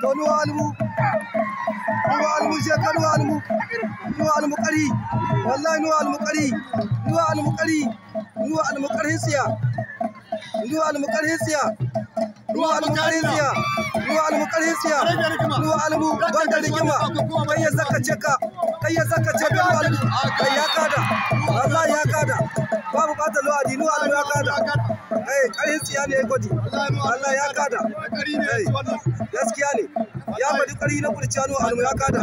kanu almu nu almu je kanu almu nu almu kari wallahi nu almu kari nu almu kari nu almu kari siya nu almu kari siya nu almu kari siya nu almu kari siya nu almu banda rigima kai ya zakace ka kai ya zakace ka almu kai ya kada wallahi ya kada babu bata lu'adi nu almu ya kada ƙarin siya ne ya gwaji Allah ya kada gaskiya ne ya faɗi kari na kurciano almu ya kada